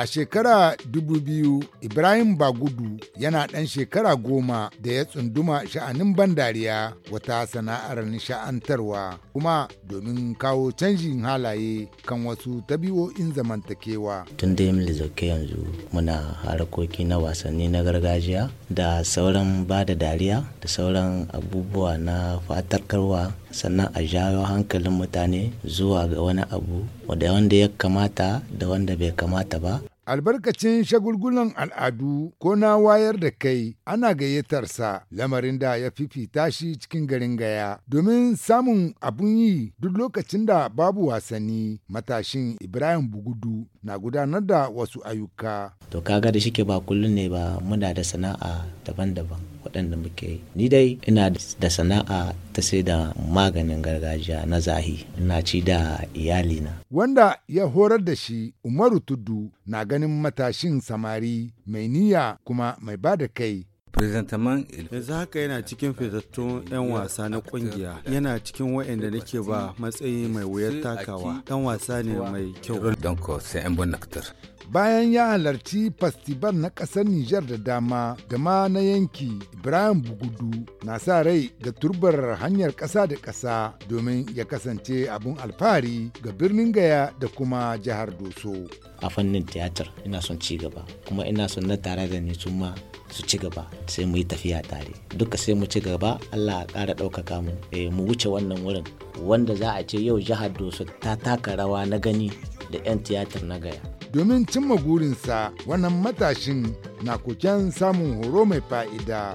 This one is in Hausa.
A shekara 2000 Ibrahim Bagudu yana ɗan shekara goma da ya tsunduma sha'anin ban dariya wata sana'ar nisha'antarwa kuma domin kawo canjin halaye kan wasu tabi'o'in zamantakewa. Tun da yi yanzu muna harkoki na wasanni na gargajiya da sauran ba da dariya da sauran abubuwa na fatarkarwa sannan a jawo hankalin mutane zuwa ga wani abu da wanda ya kamata da wanda bai kamata ba albarkacin shagulgulan al'adu ko na wayar da kai ana gayyatarsa lamarin da ya fifita shi cikin garin gaya domin samun abun yi duk lokacin da babu wasanni matashin ibrahim bugudu na gudanar da wasu ayyuka to kaga da shike ba kullum ne ba muna da sana'a daban-daban waɗanda muke ni dai ina da sana'a ta sai da maganin gargajiya na zahi ina ci da iyalina wanda ya horar da shi umaru tudu na ganin matashin samari mai niyya kuma mai ba da kai yanzu haka yana cikin fitattun 'yan wasa na kungiya yana cikin waɗanda nake ba matsayi mai wuyar takawa dan wasa ne mai kyau bayan ya halarci festival na ƙasar Nijar da dama da ma na yanki Ibrahim Bugudu na sa rai ga turbar hanyar ƙasa da ƙasa domin ya kasance abun alfahari ga birnin Gaya da kuma jihar Doso. A fannin tiyatar ina son ci gaba kuma ina son na tare da ni su ma su ci gaba sai mu yi tafiya tare duka sai mu ci gaba Allah ya ƙara ɗaukaka mu eh, mu wuce wannan wurin wanda za a ce yau jihar Doso ta taka rawa na gani da 'yan tiyatar na Gaya. domin cimma gurinsa wannan matashin na koken samun horo mai fa'ida.